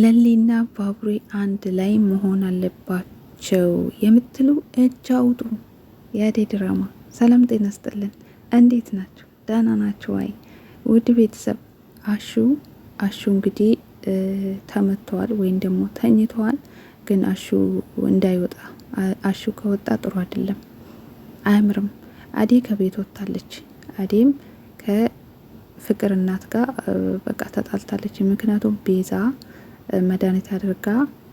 ለሊና ባቡሬ አንድ ላይ መሆን አለባቸው የምትሉ እጅ አውጡ። የአደይ ድራማ ሰላም ጤና ስጥልን። እንዴት ናቸው? ደህና ናቸው ወይ? ውድ ቤተሰብ አሹ አሹ እንግዲህ ተመተዋል ወይም ደግሞ ተኝተዋል። ግን አሹ እንዳይወጣ አሹ ከወጣ ጥሩ አይደለም፣ አያምርም። አዴ ከቤት ወጥታለች። አዴም ከፍቅር እናት ጋር በቃ ተጣልታለች። ምክንያቱም ቤዛ መድኃኒት አድርጋ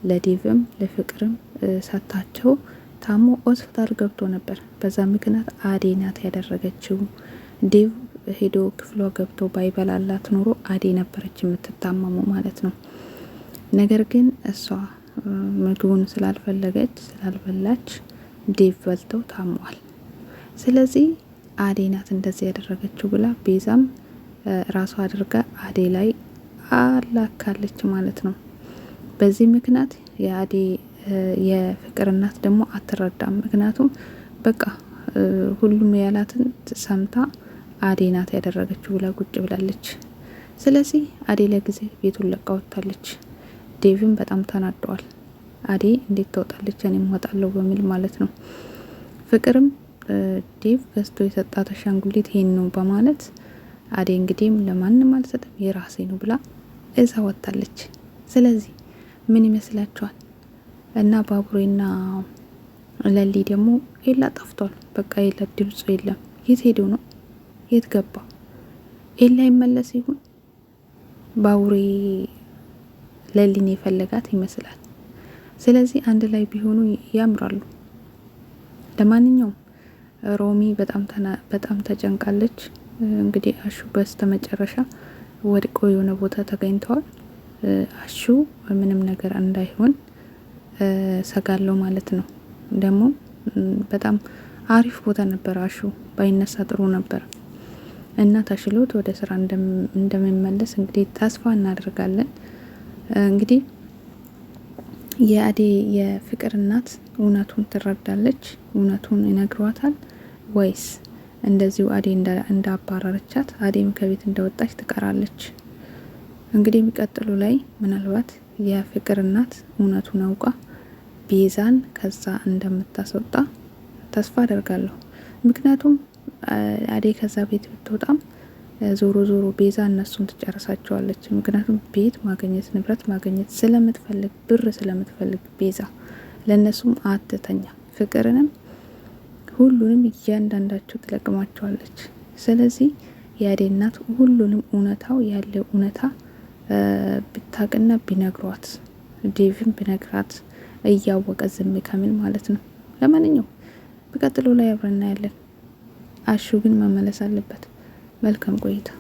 ለዴቭም ለፍቅርም ሰታቸው ታሞ ሆስፒታል ገብቶ ነበር። በዛ ምክንያት አዴ ናት ያደረገችው። ዴቭ ሄዶ ክፍሏ ገብቶ ባይበላላት ኖሮ አዴ ነበረች የምትታመሙ ማለት ነው። ነገር ግን እሷ ምግቡን ስላልፈለገች ስላልበላች ዴቭ በልተው ታሟል። ስለዚህ አዴ ናት እንደዚህ ያደረገችው ብላ ቤዛም ራሷ አድርጋ አዴ ላይ አላካለች ማለት ነው። በዚህ ምክንያት የአዴ የፍቅር እናት ደግሞ አትረዳም። ምክንያቱም በቃ ሁሉም ያላትን ሰምታ አዴ ናት ያደረገችው ብላ ቁጭ ብላለች። ስለዚህ አዴ ለጊዜ ቤቱን ለቃ ወጥታለች። ዴቭም በጣም ተናደዋል። አዴ እንዴት ተወጣለች? እኔም ወጣለሁ በሚል ማለት ነው። ፍቅርም ዴቭ ገዝቶ የሰጣት አሻንጉሊት ይሄን ነው በማለት አዴ እንግዲህም ለማንም አልሰጥም የራሴ ነው ብላ እዛ ወጥታለች። ስለዚህ ምን ይመስላችኋል? እና ባቡሬና ለሊ ደግሞ ኤላ ጠፍቷል። በቃ ኤላ ድምፁ የለም። የት ሄደው ነው? የት ገባ? ኤላ ይመለስ ይሆን? ባቡሬ ለሊን የፈለጋት ይመስላል። ስለዚህ አንድ ላይ ቢሆኑ ያምራሉ። ለማንኛውም ሮሚ በጣም ተጨንቃለች። እንግዲህ አሹ በስተ መጨረሻ ወድቆ የሆነ ቦታ ተገኝተዋል። አሹ ምንም ነገር እንዳይሆን ሰጋለው ማለት ነው። ደግሞ በጣም አሪፍ ቦታ ነበር አሹ ባይነሳ ጥሩ ነበር እና ታሽሎት ወደ ስራ እንደሚመለስ እንግዲህ ተስፋ እናደርጋለን። እንግዲህ የአዴ የፍቅር እናት እውነቱን ትረዳለች፣ እውነቱን ይነግሯታል ወይስ እንደዚሁ አዴ እንዳባረረቻት አዴም ከቤት እንደወጣች ትቀራለች? እንግዲህ የሚቀጥሉ ላይ ምናልባት የፍቅር እናት እውነቱን አውቃ ቤዛን ከዛ እንደምታስወጣ ተስፋ አደርጋለሁ። ምክንያቱም አዴ ከዛ ቤት ብትወጣም ዞሮ ዞሮ ቤዛ እነሱን ትጨርሳቸዋለች። ምክንያቱም ቤት ማግኘት ንብረት ማግኘት ስለምትፈልግ ብር ስለምትፈልግ ቤዛ ለእነሱም አትተኛ፣ ፍቅርንም ሁሉንም እያንዳንዳቸው ትለቅማቸዋለች። ስለዚህ የአዴ እናት ሁሉንም እውነታው ያለ እውነታ ብታቅና ቢነግሯት ዴቭን ቢነግራት እያወቀ ዝም ከሚል ማለት ነው። ለማንኛው በቀጥሎ ላይ አብረና ያለን አሹ ግን መመለስ አለበት። መልካም ቆይታ